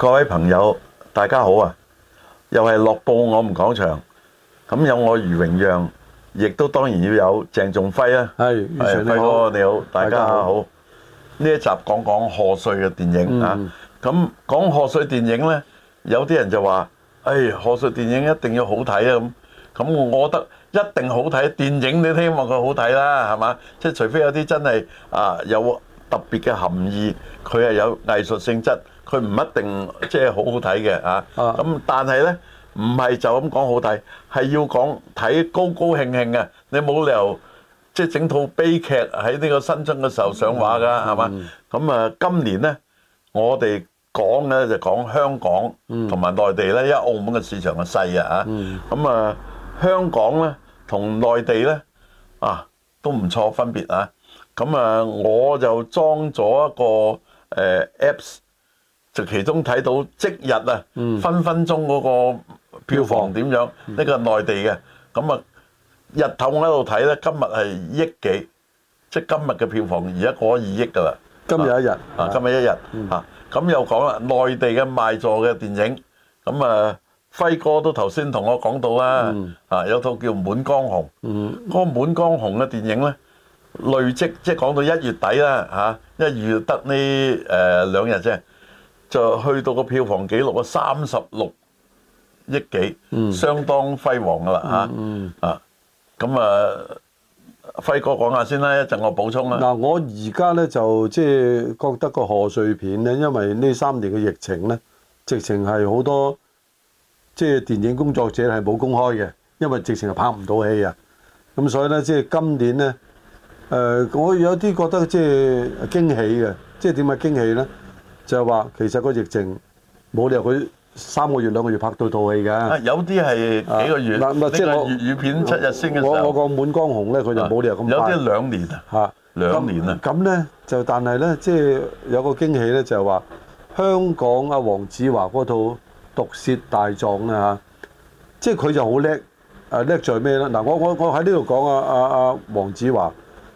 各位朋友，大家好啊！又係樂報我們講場，咁有我余榮讓，亦都當然要有鄭仲輝啊！係余榮輝，哥你好，大家好。呢一集講講賀歲嘅電影啊！咁講賀歲電影呢，有啲人就話，哎呀，賀歲電影一定要好睇啊！咁咁我覺得一定好睇，電影你希望佢好睇啦，係嘛？即係除非有啲真係啊有特別嘅含義，佢係有藝術性質。佢唔一定即係好、啊嗯、好睇嘅嚇，咁但係呢唔係就咁講好睇，係要講睇高高興興嘅、啊。你冇理由即係、就是、整套悲劇喺呢個新春嘅時候上畫㗎、啊，係嘛、嗯？咁、嗯、啊、嗯嗯，今年呢我哋講嘅就講香港同埋內地呢，因為澳門嘅市場係細啊嚇。咁啊，香港呢同內地呢啊都唔錯分別啊。咁、嗯、啊，我就裝咗一個誒、嗯、apps。就其中睇到即日啊，分分鐘嗰個票房點樣？呢個係內地嘅咁啊，日頭喺度睇咧，今日係億幾，即係今日嘅票房而家過二億噶啦。今日一日啊，今日一日嚇，咁又講啦，內地嘅賣座嘅電影，咁啊輝哥都頭先同我講到啦，啊有套叫《滿江紅》，嗰個《滿江紅》嘅電影咧累積，即係講到一月底啦嚇，一月得呢誒兩日啫，就去到個票房記錄啊，三十六億幾，嗯、相當輝煌㗎啦嚇！嗯、啊，咁啊，輝哥講下先啦，一陣我補充啦。嗱、啊，我而家咧就即係、就是、覺得個賀歲片咧，因為呢三年嘅疫情咧，直情係好多即係、就是、電影工作者係冇工開嘅，因為直情係拍唔到戲啊。咁所以咧，即、就、係、是、今年咧，誒、呃，我有啲覺得即係、就是、驚喜嘅，即係點解驚喜咧？就係話，其實個疫情冇理由佢三個月兩個月拍到套戲嘅。有啲係幾個月。嗱嗱，即係我粵語片七日先。我我講《滿江紅》咧，佢就冇理由咁、拍。有啲兩年啊，嚇 兩年啊。咁咧就，但係咧，即係 ín 有個驚喜咧，就係話香港阿黃子華嗰套《毒舌大狀》咧嚇，即係佢就好叻。誒叻在咩咧？嗱，我我我喺呢度講啊啊啊黃子華。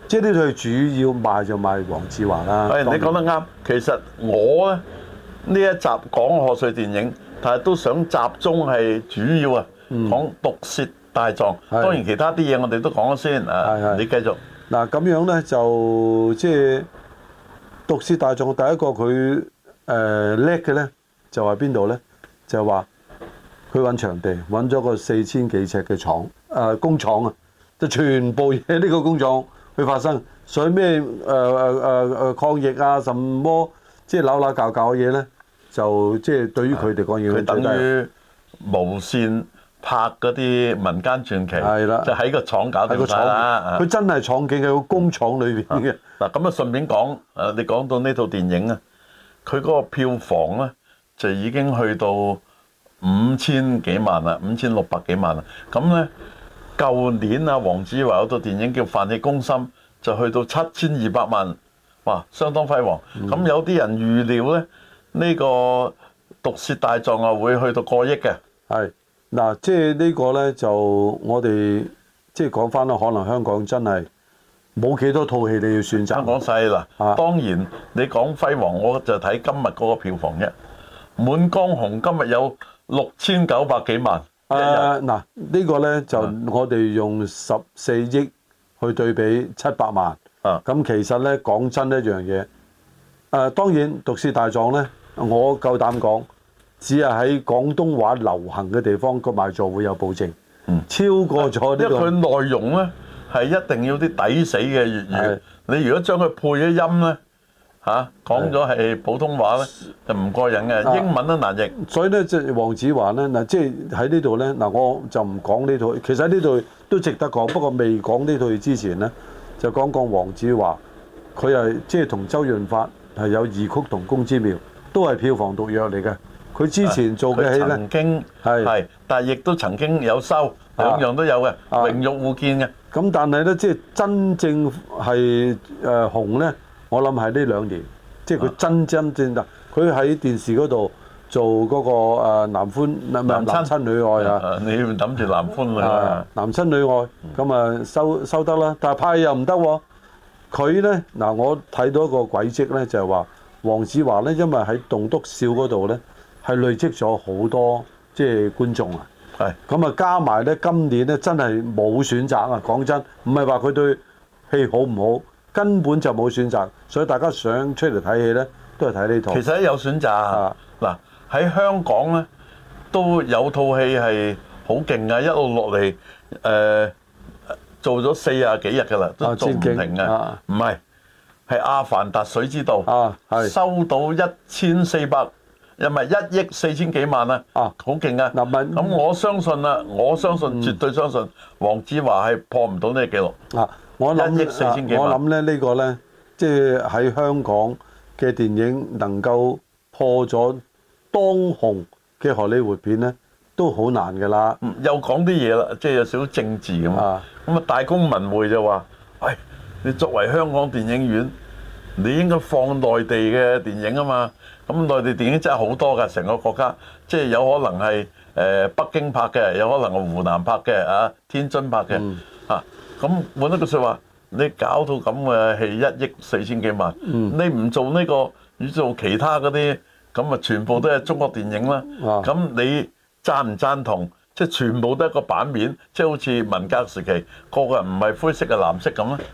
即係呢套主要賣就賣黃志華啦。誒是，當年 你講得啱。其實我咧呢一集講賀歲電影，但係都想集中係主要啊，嗯、講《毒舌大狀》的。當然其他啲嘢我哋都講咗先啊。係，你繼續嗱。咁樣咧就即係，就是《毒舌大狀》。第一個佢誒叻嘅咧就係邊度咧？就係話佢揾場地揾咗個四千幾尺嘅廠，誒、呃、工廠啊，就全部喺呢個工廠去發生，所以咩誒誒誒誒抗疫啊，什麼？即係扭扭搞搞嘅嘢咧，就即係對於佢哋講嘢佢等於無線拍嗰啲民間傳奇，的就喺個廠搞掂曬。佢真係廠景嘅工廠裏邊。嗱咁啊，順便講誒，你講到呢套電影啊，佢嗰個票房咧就已經去到五千幾萬啦，五千六百幾萬啦，咁咧。舊年啊，黃子華有套電影叫《飯戲攻心》，就去到七千二百萬，哇，相當輝煌。咁、嗯、有啲人預料咧，呢個《毒舌大狀》啊會去到過億嘅。係、啊、嗱，即係呢個呢，就我哋即係講翻啦，可能香港真係冇幾多套戲你要選擇。香港細啦，吧當然你講輝煌，我就睇今日嗰個票房啫。《滿江紅》今日有六千九百幾萬。啊嗱，呢、uh, 喏個呢，嗯、就我哋用十四億去對比七百萬，咁、嗯、其實呢，講真一樣嘢。誒、呃、當然毒舌大狀呢，我夠膽講，只係喺廣東話流行嘅地方個賣座會有保證，嗯、超過咗呢、這個、因為佢內容呢，係一定要啲抵死嘅粵語，如是你如果將佢配咗音呢？吓講咗係普通話咧就唔過癮嘅，啊、英文都難譯。所以咧，即係黃子華咧嗱，即係喺呢度咧嗱，我就唔講呢套。其實呢度都值得講，不過未講呢套之前咧，就講講黃子華，佢係即係同周潤發係有異曲同工之妙，都係票房毒藥嚟嘅。佢之前做嘅戲咧，係係、啊啊，但係亦都曾經有收，兩、啊、樣都有嘅，啊、榮辱互見嘅。咁但係咧，即係真正係誒紅咧。我諗係呢兩年，即係佢真真正正，佢喺、啊、電視嗰度做嗰、嗰個、啊、男歡、啊、男男親男親女愛啊！你諗住男歡女、啊、啦、啊，男親女愛咁、嗯、啊，收收得啦，但係拍又唔得喎。佢咧嗱，我睇到一個軌跡咧，就係話黃子華咧，因為喺《棟篤笑》呢嗰度咧，係累積咗好多即係觀眾啊。係咁啊，加埋咧今年咧，真係冇選擇啊！講真，唔係話佢對戲好唔好。根本就冇選擇，所以大家想出嚟睇戲呢，都係睇呢套。其實有選擇啊！嗱，喺香港呢都有套戲係好勁啊，一路落嚟誒做咗四十幾日噶啦，都做唔停啊！唔係，係《阿凡達：水之道》啊，收到一千四百，又唔係一億四千幾萬啊！啊，好勁啊！咁我相信啦，我相信絕對相信黃子華係破唔到呢個記錄啊！我諗我諗咧，呢個呢，即係喺香港嘅電影能夠破咗當紅嘅荷里活片呢，都好難噶啦、嗯。又講啲嘢啦，即係有少少政治咁啊。咁啊，大公文匯就話，喂，你作為香港電影院，你應該放內地嘅電影啊嘛。咁內地電影真係好多噶，成個國家，即係有可能係誒北京拍嘅，有可能係湖南拍嘅啊，天津拍嘅。嗯咁換一句説話，你搞到咁嘅戲一億四千幾萬，嗯、你唔做呢、這個，你做其他嗰啲，咁啊全部都係中國電影啦。咁、啊、你贊唔贊同？即、就、係、是、全部都係一個版面，即、就、係、是、好似文革時期個個人唔係灰色嘅藍色咁咧。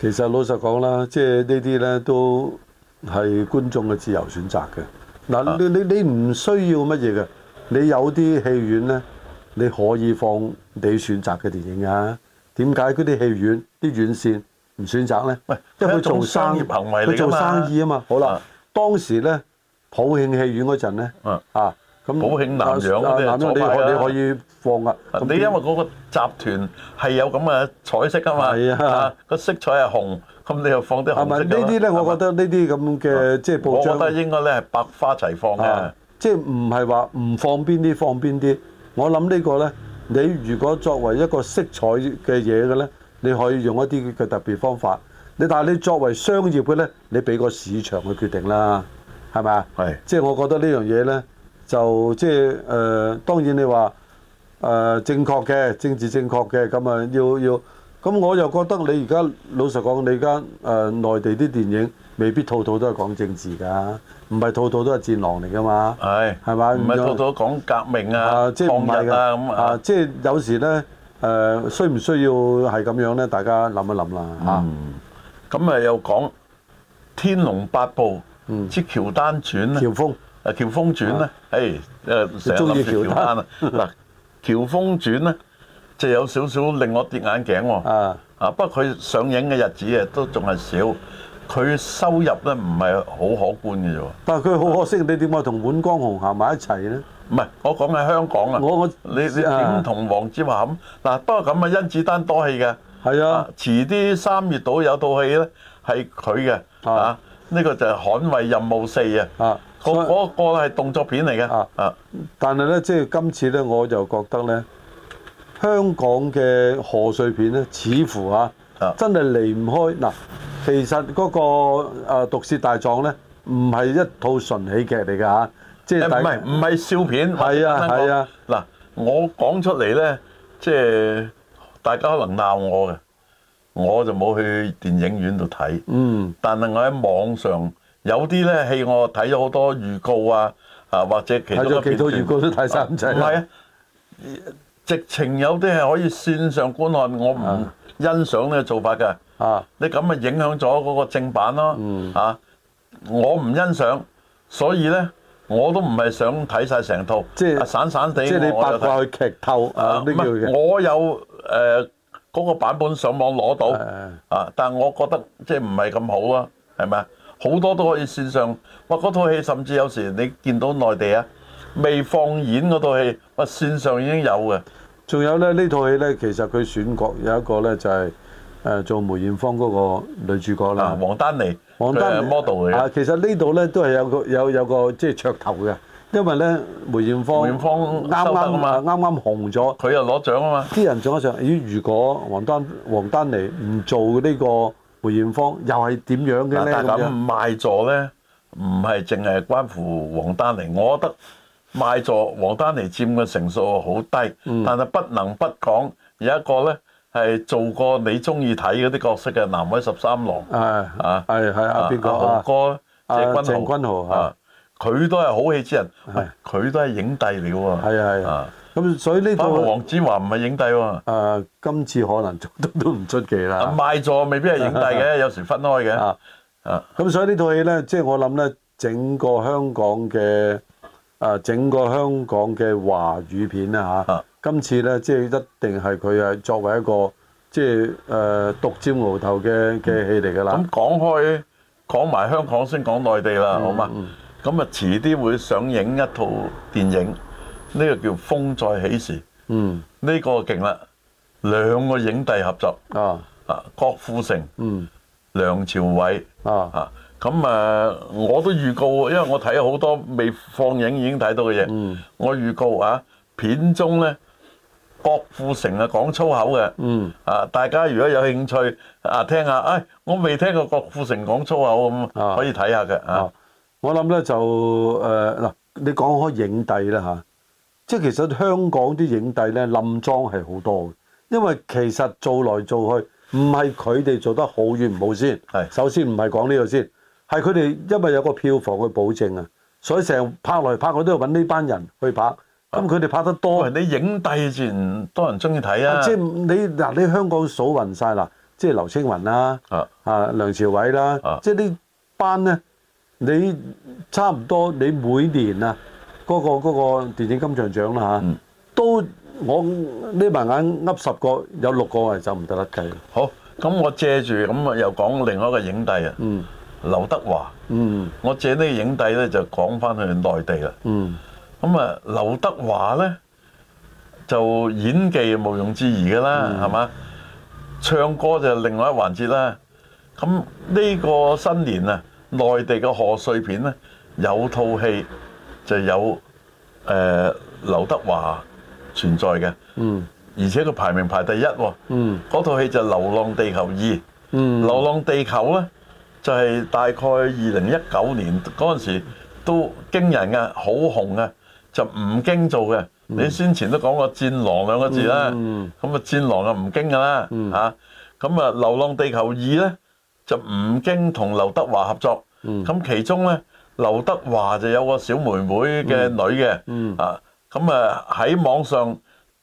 其實老實講啦，即係呢啲咧都係觀眾嘅自由選擇嘅。嗱，你你你唔需要乜嘢嘅，你有啲戲院咧，你可以放你選擇嘅電影啊。點解佢啲戲院啲院線唔選擇咧？喂，因為佢做生意，行為佢做生意啊嘛。好啦，當時咧，普慶戲院嗰陣咧，啊，咁普慶南洋你可以放啦。你因為嗰個集團係有咁嘅彩色啊嘛。係啊，個色彩係紅，咁你又放啲紅色。呢啲咧，我覺得呢啲咁嘅即係，我覺得應該咧係百花齊放嘅，即係唔係話唔放邊啲放邊啲。我諗呢個咧。你如果作為一個色彩嘅嘢嘅呢，你可以用一啲嘅特別方法。你但係你作為商業嘅呢，你俾個市場去決定啦，係咪啊？係。即係我覺得呢樣嘢呢，就即係誒，當然你話誒、呃、正確嘅政治正確嘅咁啊，要要。咁我又覺得你而家老實講，你而家、呃、內地啲電影未必套套都係講政治㗎。唔係套套都係戰狼嚟噶嘛？係係嘛？唔係套套講革命啊、抗日啊咁啊？即係有時咧誒，需唔需要係咁樣咧？大家諗一諗啦嚇。咁啊又講天龍八部、即《喬丹傳》、喬峰啊喬峯傳咧，誒誒成日諗住喬丹啊嗱，喬峰傳咧就有少少令我跌眼鏡喎啊啊！不過佢上映嘅日子啊都仲係少。佢收入咧唔係好可觀嘅啫喎，但係佢好可惜，你點解同滿江紅行埋一齊咧？唔係，我講係香港啊！我我你你點同黃子華咁嗱？不過咁啊，甄子丹多戲嘅，係啊，遲啲三月到有套戲咧，係佢嘅啊，呢個就係《捍衛任務四》啊，啊，嗰嗰個係動作片嚟嘅啊啊！但係咧，即係今次咧，我就覺得咧，香港嘅賀歲片咧，似乎啊，真係離唔開嗱。其實嗰個誒《毒舌大狀》咧，唔係一套純喜劇嚟㗎嚇，即係唔係唔係笑片？係啊係啊！嗱，我講出嚟咧，即係大家可能鬧我嘅，我就冇去電影院度睇。嗯，但係我喺網上有啲咧戲，我睇咗好多預告啊，啊或者其中幾套預告都睇三集。係啊，直情有啲係可以線上觀看，我唔欣賞呢個做法㗎。啊！你咁咪影響咗嗰個正版咯、啊啊嗯？啊，我唔欣賞，所以咧我都唔係想睇晒成套，即係是散散地。即係你八卦去劇透啊？唔係、啊，我有誒嗰、呃嗰個版本上網攞到是的 啊，但係我覺得即係唔係咁好啊？係咪啊？好多都可以線上，哇！嗰套戲甚至有時你見到內地啊，未放演嗰套戲，哇！線上已經有嘅。仲有咧，呢套戲咧，其實佢選角有一個咧就係、是。誒做梅艷芳嗰個女主角啦、啊，王丹妮，王丹妮 model 嚟啊，其實呢度咧都係有個有有個即係噱頭嘅，因為咧梅艷芳梅艷芳啱啱啊啱啱紅咗，佢又攞獎啊嘛，啲人仲喺度想。咦、哎？如果王丹王丹妮唔做呢個梅艷芳，又係點樣嘅咧？咁樣咁賣座咧，唔係淨係關乎王丹妮。我覺得賣座王丹妮佔嘅成數好低，嗯、但係不能不講有一個咧。係做過你中意睇嗰啲角色嘅南海十三郎。啊，係係啊，邊個豪哥？謝君豪，謝君豪啊，佢都係好戲之人，佢都係影帝了喎。係啊係啊，咁所以呢套。黃子華唔係影帝啊，今次可能都唔出奇啦。賣座未必係影帝嘅，有時分開嘅。啊，咁所以呢套戲咧，即係我諗咧，整個香港嘅，啊，整個香港嘅華語片咧，吓。今次呢，即係一定係佢係作為一個即係誒獨佔鰲頭嘅嘅戲嚟㗎啦。咁講開講埋香港先，講內地啦，好嗎？咁啊，遲啲會上映一套電影，呢個叫《風再起時》。嗯，呢個勁啦，兩個影帝合作。哦，啊，郭富城。嗯。梁朝偉。啊，咁啊，我都預告，因為我睇好多未放映已經睇到嘅嘢。我預告啊，片中呢。郭富城、嗯、啊，講粗口嘅，啊，大家如果有興趣啊聽下，哎，我未聽過郭富城講粗口咁，嗯啊、可以睇下嘅、啊。我諗咧就誒嗱、呃，你講開影帝啦嚇、啊，即係其實香港啲影帝咧冧莊係好多嘅，因為其實做來做去唔係佢哋做得好與唔好先，係是首先唔係講呢度先，係佢哋因為有個票房去保證啊，所以成日拍來拍去都要揾呢班人去拍。咁佢哋拍得多，你影帝自然多人中意睇啊！即係你嗱，你香港數勻晒嗱，即係劉青雲啦、啊，啊、啊梁朝偉啦、啊，啊、即係呢班咧，你差唔多你每年啊，嗰、那個嗰、那個、電影金像獎啦、啊、嚇，嗯、都我眯埋眼噏十個有六個係就唔得得計。好，咁我借住咁啊，又講另外一個影帝啊。嗯，劉德華。嗯，我借呢個影帝咧就講翻去內地啦、嗯。嗯。咁啊，劉德華咧就演技毋庸置疑㗎啦，係嘛、嗯？唱歌就另外一環節啦。咁呢個新年啊，內地嘅賀歲片咧有套戲就有誒、呃、劉德華存在嘅，嗯，而且佢排名排第一喎、哦，嗯，嗰套戲就《流浪地球二》，嗯，《流浪地球》呢咧就係、是、大概二零一九年嗰陣時都驚人嘅，好紅嘅。就吳京做嘅，嗯、你先前都講過戰狼兩個字啦，咁啊、嗯嗯、戰狼啊吳京噶啦嚇，咁、嗯、啊《流浪地球二》咧就吳京同劉德華合作，咁、嗯、其中咧劉德華就有個小妹妹嘅女嘅，嗯嗯、啊咁啊喺網上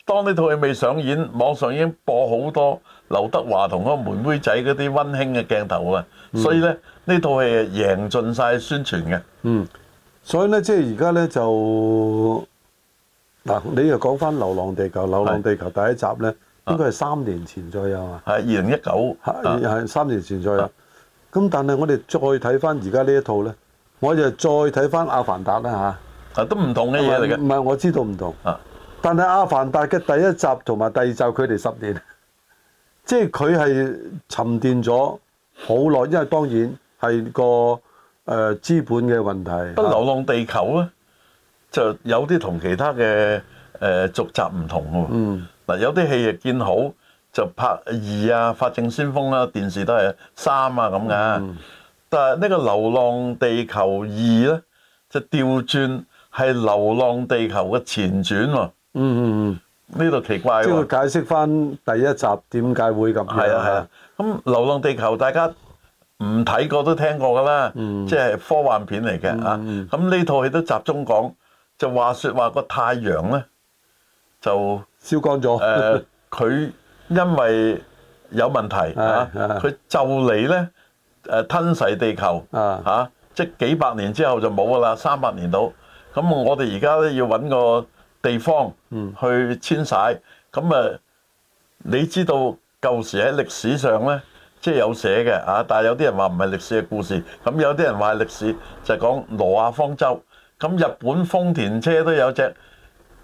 當呢套戲未上演，網上已經播好多劉德華同嗰個妹妹仔嗰啲溫馨嘅鏡頭啦，嗯、所以咧呢套戲贏盡晒宣傳嘅。嗯嗯嗯嗯所以咧，即係而家咧就嗱，你又講翻《流浪地球》是《流浪地球》第一集咧，應該係三年前左右啊。係二零一九。係三年前左右，咁是但係我哋再睇翻而家呢一套咧，我就再睇翻《阿凡達》啦吓。啊是，都唔同嘅嘢嚟嘅。唔係，我知道唔同。啊是，但係《阿凡達》嘅第一集同埋第二集，佢哋十年，即係佢係沉澱咗好耐，因為當然係個。誒，資本嘅問題。但流浪地球咧，就有啲同其他嘅、誒續集唔同噶。嗱，有啲戲又見好，就拍二啊，法證先鋒啦，電視都係三啊咁噶。但係呢個流浪地球二咧，就調轉係流浪地球嘅前傳喎。嗯嗯嗯，呢度奇怪。即解釋翻第一集點解會咁。係啊係啊，咁流浪地球大家。唔睇過都聽過㗎啦，即係、嗯、科幻片嚟嘅、嗯、啊！咁呢套戲都集中講，就話説話個太陽咧就燒乾光咗。誒、 呃，佢因為有問題啊，佢就嚟咧誒吞噬地球啊！嚇、啊，即係幾百年之後就冇㗎啦，三百年到。咁我哋而家咧要搵個地方去遷徙。咁、嗯、誒、嗯，你知道舊時喺歷史上咧？嗯嗯嗯嗯嗯即係有寫嘅啊！但係有啲人話唔係歷史嘅故事，咁有啲人話係歷史，就係講挪亞方舟。咁日本豐田車都有隻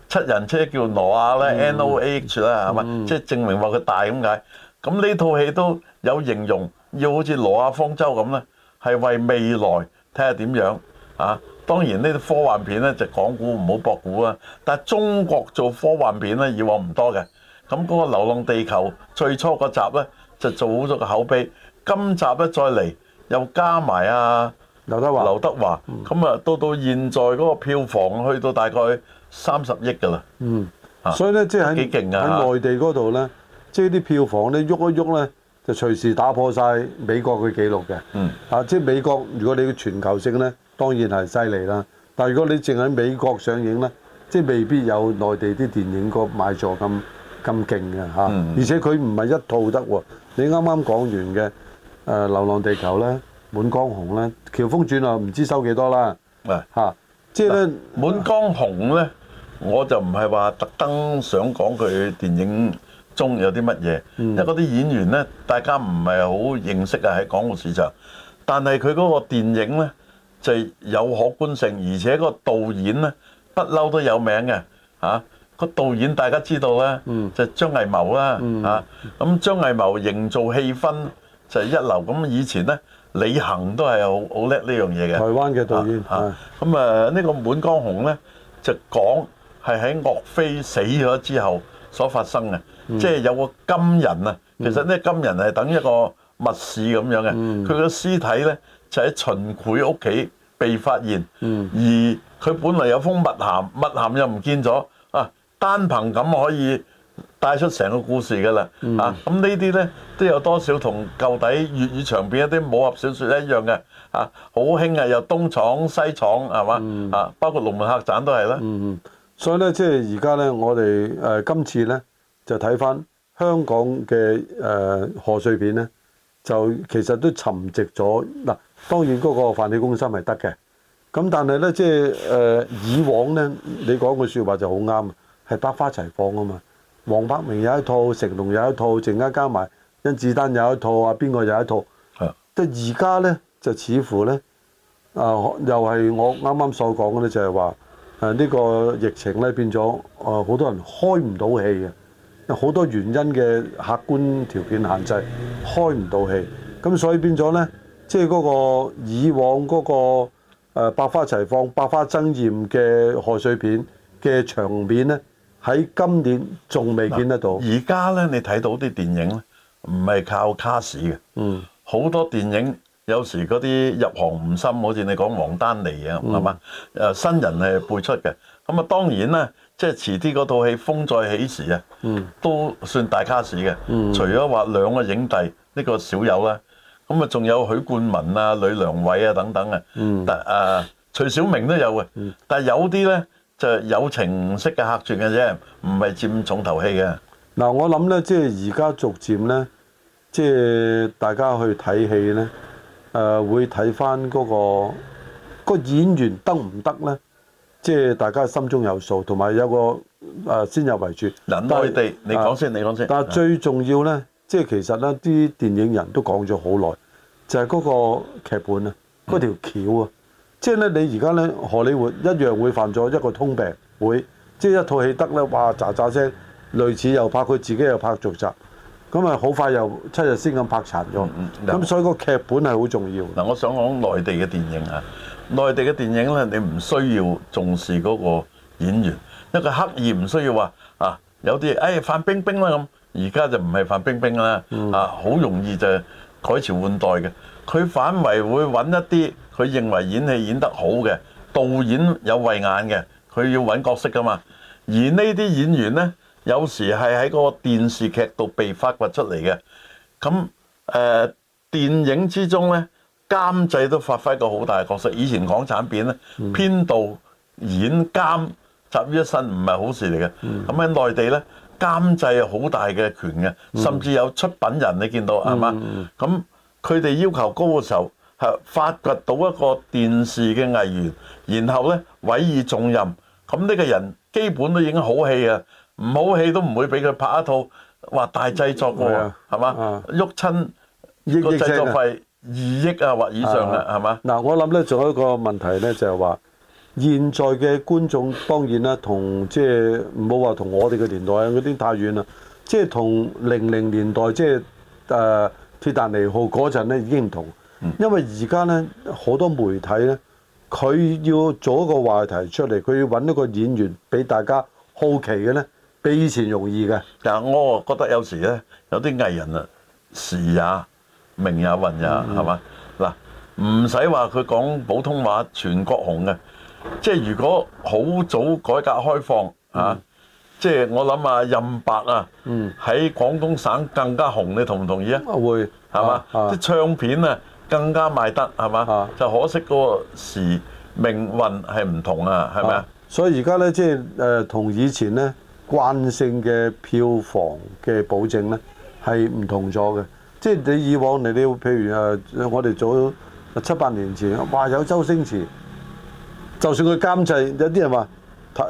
七人車叫挪亞咧，N O A H 啦，係咪？即係證明話佢大咁解。咁呢套戲都有形容，要好似挪亞方舟咁咧，係為未來睇下點樣啊！當然呢啲科幻片咧就講古唔好博古啊。但係中國做科幻片咧以往唔多嘅，咁嗰個流浪地球最初嗰集咧。就做好咗個口碑，今集咧再嚟又加埋啊劉德華，劉德華咁啊，到到現在嗰個票房去到大概三十億㗎啦。嗯，所以咧即喺幾勁啊，喺內地嗰度咧，即啲票房咧喐一喐咧，就隨時打破曬美國嘅記錄嘅。嗯，啊，即美國如果你要全球性咧，當然係犀利啦。但如果你淨喺美國上映咧，即未必有內地啲電影個賣座咁咁勁嘅嚇。嗯，而且佢唔係一套得喎。你啱啱講完嘅，誒、呃《流浪地球》咧，《滿江紅》咧，《喬峯傳》啊，唔知收幾多啦。嚇、就是，即係咧，《滿江紅》咧，我就唔係話特登想講佢電影中有啲乜嘢，嗯、因為嗰啲演員咧，大家唔係好認識啊，喺港澳市場。但係佢嗰個電影咧，就係有可觀性，而且個導演咧，不嬲都有名嘅，嚇、啊。個導演大家知道咧，就係張藝謀啦嚇。咁張藝謀營造氣氛就係一流。咁以前咧，李行都係好好叻呢樣嘢嘅。台灣嘅導演。咁啊，呢個《滿江紅》咧就講係喺岳飛死咗之後所發生嘅，即係有個金人啊。其實呢金人係等一個密事咁樣嘅。佢個屍體咧就喺秦檜屋企被發現，而佢本嚟有封密函，密函又唔見咗。單憑咁可以帶出成個故事嘅啦，嗯、啊咁呢啲呢，都有多少同舊底粵語長片一啲武俠小説一樣嘅。啊好興啊，有東廠西廠係嘛、嗯、啊，包括龍門客棧都係啦。嗯嗯，所以呢，即係而家呢，我哋誒、呃、今次呢，就睇翻香港嘅誒賀歲片呢，就其實都沉寂咗。嗱、啊，當然嗰個飯戲攻心係得嘅，咁、啊、但係呢，即係、呃、以往呢，你講句説話就好啱。係百花齊放啊嘛！黃百鳴有一套，成龍有一套，陣間加埋甄子丹有一套啊，邊個有一套。即係而家呢，就似乎呢，呃、剛剛啊，又係我啱啱所講嘅咧，就係話，誒呢個疫情呢變咗，誒、呃、好多人開唔到戲嘅，好多原因嘅客觀條件限制開唔到戲。咁所以變咗呢，即係嗰個以往嗰、那個、呃、百花齊放、百花爭豔嘅賀歲片嘅場面呢。喺今年仲未見得到。而家咧，你睇到啲電影咧，唔係靠卡 a 嘅。嗯，好多電影有時嗰啲入行唔深，好似你講王丹妮啊，係嘛、嗯？誒新人係輩出嘅。咁啊，當然啦，即係遲啲嗰套戲《風再起時》啊、嗯，都算大卡 a 嘅。嗯、除咗話兩個影帝呢、這個小友啦，咁啊，仲有許冠文等等、嗯、啊、李良偉啊等等啊。嗯，但徐小明都有嘅。但係有啲咧，就友情式嘅客串嘅啫，唔係占重頭戲嘅。嗱、呃，我諗咧，即係而家逐漸咧，即係大家去睇戲咧，誒、呃，會睇翻嗰個、那個演員得唔得咧？即係大家心中有數，同埋有個誒、呃、先入為主。嗱，內地但你講先，你講先。但係最重要咧，的即係其實咧，啲電影人都講咗好耐，就係、是、嗰個劇本啊，嗰條橋啊。嗯即係咧，你而家咧，荷里活一樣會犯咗一個通病會，會即係一套戲得咧，哇喳喳聲，類似又拍佢自己又拍續集，咁啊好快又七日先咁拍殘咗，咁、嗯嗯、所以個劇本係好重要。嗱、嗯，我想講內地嘅電影啊，內地嘅電影咧，你唔需要重視嗰個演員，一個刻意唔需要話啊，有啲誒、哎、范冰冰啦咁，而家就唔係范冰冰啦，嗯、啊好容易就改朝換代嘅，佢反為會揾一啲。佢認為演戲演得好嘅導演有慧眼嘅，佢要揾角色噶嘛。而呢啲演員呢，有時係喺嗰個電視劇度被發掘出嚟嘅。咁誒、呃，電影之中呢，監製都發揮過好大角色。以前港產片呢，嗯、編導演監集於一身，唔係好事嚟嘅。咁喺、嗯、內地呢，監製好大嘅權嘅，嗯、甚至有出品人。你見到係嘛？咁佢哋要求高嘅時候。係發掘到一個電視嘅藝員，然後咧委以重任，咁呢個人基本都已經好戲啊！唔好戲都唔會俾佢拍一套話大製作嘅、哦、喎，係嘛、啊？鬱親個製作費二億啊,啊或以上啦，係嘛？嗱，我諗咧仲有一個問題咧，就係、是、話現在嘅觀眾當然咧同即係唔好話同我哋嘅年代嗰啲太遠啦，即係同零零年代即係誒《鐵達尼,尼號》嗰陣咧已經唔同。因為而家咧好多媒體咧，佢要做一個話題出嚟，佢要揾一個演員俾大家好奇嘅咧，比以前容易嘅。但係、嗯、我覺得有時咧，有啲藝人啊，時也、命也、也、運也係嘛？嗱，唔使話佢講普通話全國紅嘅，即係如果好早改革開放啊，嗯、即係我諗啊，任伯啊，喺、嗯、廣東省更加紅，你同唔同意、嗯、吧啊？會係嘛？啲唱片啊～啊啊啊啊更加賣得係嘛，啊、就可惜嗰個時命運係唔同啊，係咪啊？所以而家咧即係誒同以前咧慣性嘅票房嘅保證咧係唔同咗嘅，即、就、係、是、你以往你咧譬如誒、啊、我哋早七八年前，哇有周星馳，就算佢監製，有啲人話，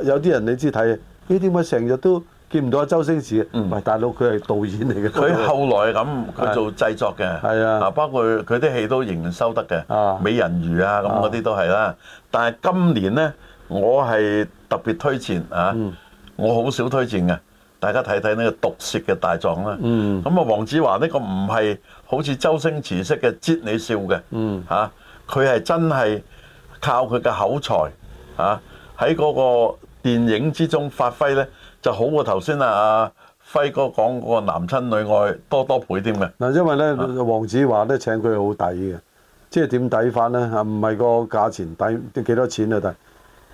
有啲人你知睇，你點解成日都，見唔到阿周星馳，唔係、嗯、大佬，佢係導演嚟嘅。佢後來係咁，佢的做製作嘅。係啊的，包括佢啲戲都仍然收得嘅。啊、美人魚啊，咁嗰啲都係啦。但係今年呢，我係特別推薦啊，嗯、我好少推薦嘅。大家睇睇呢個毒舌嘅大狀啦。嗯。咁啊，黃子華呢個唔係好似周星馳式嘅擠你笑嘅。嗯。嚇、啊，佢係真係靠佢嘅口才啊！喺嗰個電影之中發揮呢。就好過頭先啊！啊輝哥講嗰個男親女愛多多倍添嘅嗱，因為咧黃、啊、子華咧請佢好抵嘅，即係點抵法咧？啊，唔係個價錢抵幾多錢啊？抵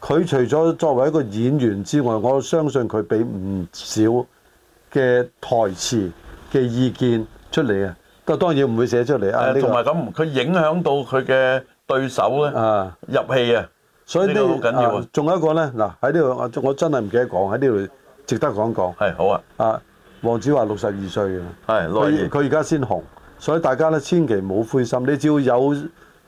佢除咗作為一個演員之外，我相信佢俾唔少嘅台詞嘅意見出嚟啊，都當然唔會寫出嚟啊。同埋咁，佢影響到佢嘅對手咧。啊，入戲啊，所以都好緊要。仲有一個咧，嗱喺呢度，我真係唔記得講喺呢度。值得講講，係好啊！啊，黃子華六十二歲嘅，係，佢佢而家先紅，所以大家咧千祈冇灰心，你只要有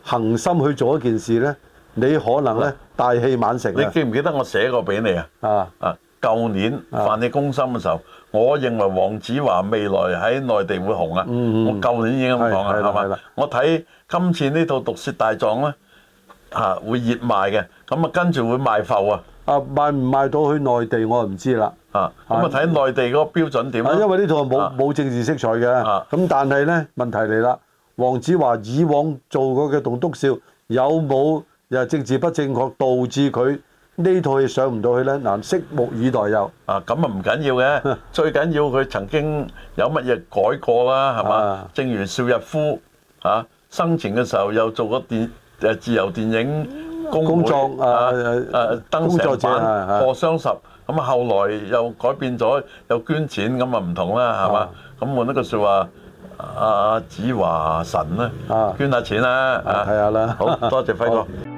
恒心去做一件事咧，你可能咧大器晚成。你記唔記得我寫過俾你啊？啊啊！舊年飯氣攻心嘅時候，我認為黃子華未來喺內地會紅啊！我舊年已經講啦，係嘛？我睇今次呢套《毒舌大狀》咧，啊會熱賣嘅，咁啊跟住會賣埠啊！啊賣唔賣到去內地我唔知啦。啊！咁啊睇內地嗰個標準點啊？因為呢套啊冇冇政治色彩嘅，咁、啊、但係咧問題嚟啦。黃子華以往做過嘅棟篤笑有冇又政治不正確，導致佢呢套嘢上唔到去咧？嗱，拭目以待又。啊，咁啊唔緊要嘅，最緊要佢曾經有乜嘢改過啦，係嘛？啊、正如邵逸夫啊，生前嘅時候又做過電誒自由電影工，工作啊，誒、啊啊啊、登場版、啊、過雙十。咁啊，後來又改變咗，又捐錢，咁啊唔同啦，係嘛？咁換一句説話，阿阿子華神啦，啊、捐下錢啦、啊，係下啦、啊，好多謝輝哥。